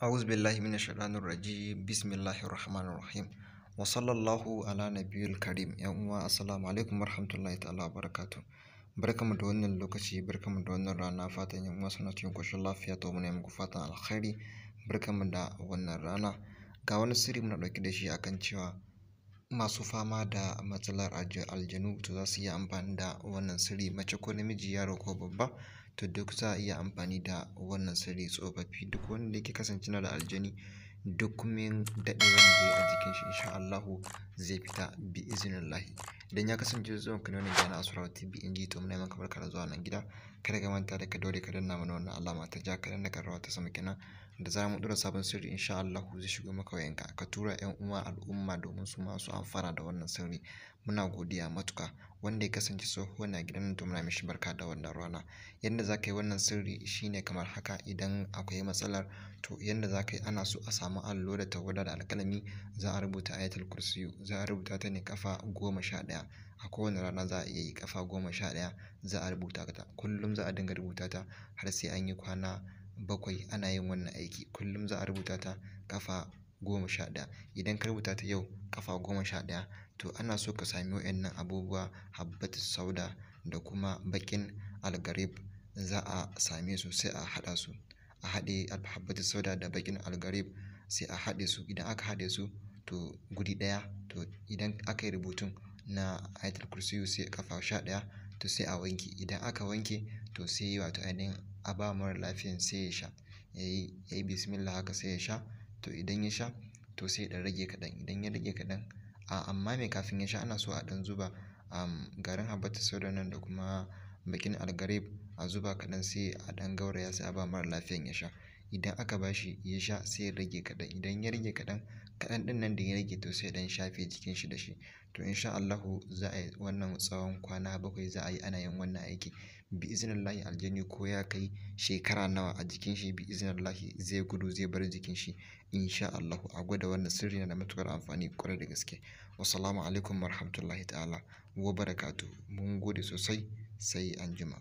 a'uz billahi mina shaɗanin raji bismillahi rahmanu rahim wa sallallahu ala na biyul karim ya umwa asalamu alaikum marhamtullahi ta ala barakatu bar kama da wannan lokaci bar kama da wannan rana fatan ya umwa sanatu yin kwashe lafiya ta wani yamma fatan alkhari bar kama da wannan rana ga wani sirri muna ɗauke da shi akan cewa masu fama da matsalar aljanu to za su iya amfani da wannan sirri mace ko namiji yaro ko babba to duk za a iya amfani da wannan sirri tsofaffi duk wanda yake kasance na da aljani duk min daɗewar da ya a jikin shi insha Allahu zai fita bi izinin lahi idan ya kasance zuwa ka nuna gana surawa tv in ji to muna maka barka da zuwa nan gida kada ka manta da ka dore ka danna mana wannan alama ta ja ka danna rawa ta sama kenan da za mu ɗora sabon sirri insha Allahu zai shigo maka wayanka ka tura ƴan uwa al'umma domin su ma su amfana da wannan sirri muna godiya matuka wanda ya kasance tsoho na gidan nan to muna mishi barka da wannan rana yadda za ka yi wannan sirri shine kamar haka idan akwai matsalar to yanda za ka yi ana so a samu allo da tawada da alƙalami za a rubuta ayatul kursiyu za a rubuta ta ne kafa goma sha ɗaya a kowane rana za a iya yi kafa goma sha ɗaya za a rubuta ta kullum za a dinga rubuta ta har sai an yi kwana bakwai ana yin wannan aiki kullum za a rubuta ta kafa goma sha ɗaya. Idan ka rubuta ta yau kafa goma sha ɗaya to ana so ka sami wa'annan abubuwa habbat sauda da kuma bakin algarib za a same su sai a haɗa su. A haɗe habbat sauda da bakin algarib sai a haɗe su. Idan aka haɗe su to guri ɗaya to idan aka yi rubutun na ayatul kursiyu sai kafa sha ɗaya to sai a wanke. Idan aka wanke to sai wato ainihin a ba mara lafiyan sai ya sha yayi yi bismillah haka sai ya sha to idan ya sha to sai ya rage kaɗan idan ya rage kaɗan amma mai kafin ya sha ana so a ɗan zuba garin habata sauda nan da kuma bakin algareb a zuba kaɗan sai a ɗan gauraya sai a ba mara lafiyan ya sha idan aka ba shi ya sha sai ya rage kaɗan idan ya rage kaɗan kaɗan ɗin nan da ya rage to sai dan shafe jikin shi da shi to insha Allahu za a yi wannan tsawon kwana bakwai za a yi ana yin wannan aiki bi iznillahi aljani ko ya kai shekara nawa a jikin shi bi iznillahi zai gudu zai bar jikin shi insha Allahu a gwada wannan sirri na matukar amfani kwarai da gaske wasalamu alaikum warahmatullahi ta'ala wa barakatu mun gode sosai sai anjima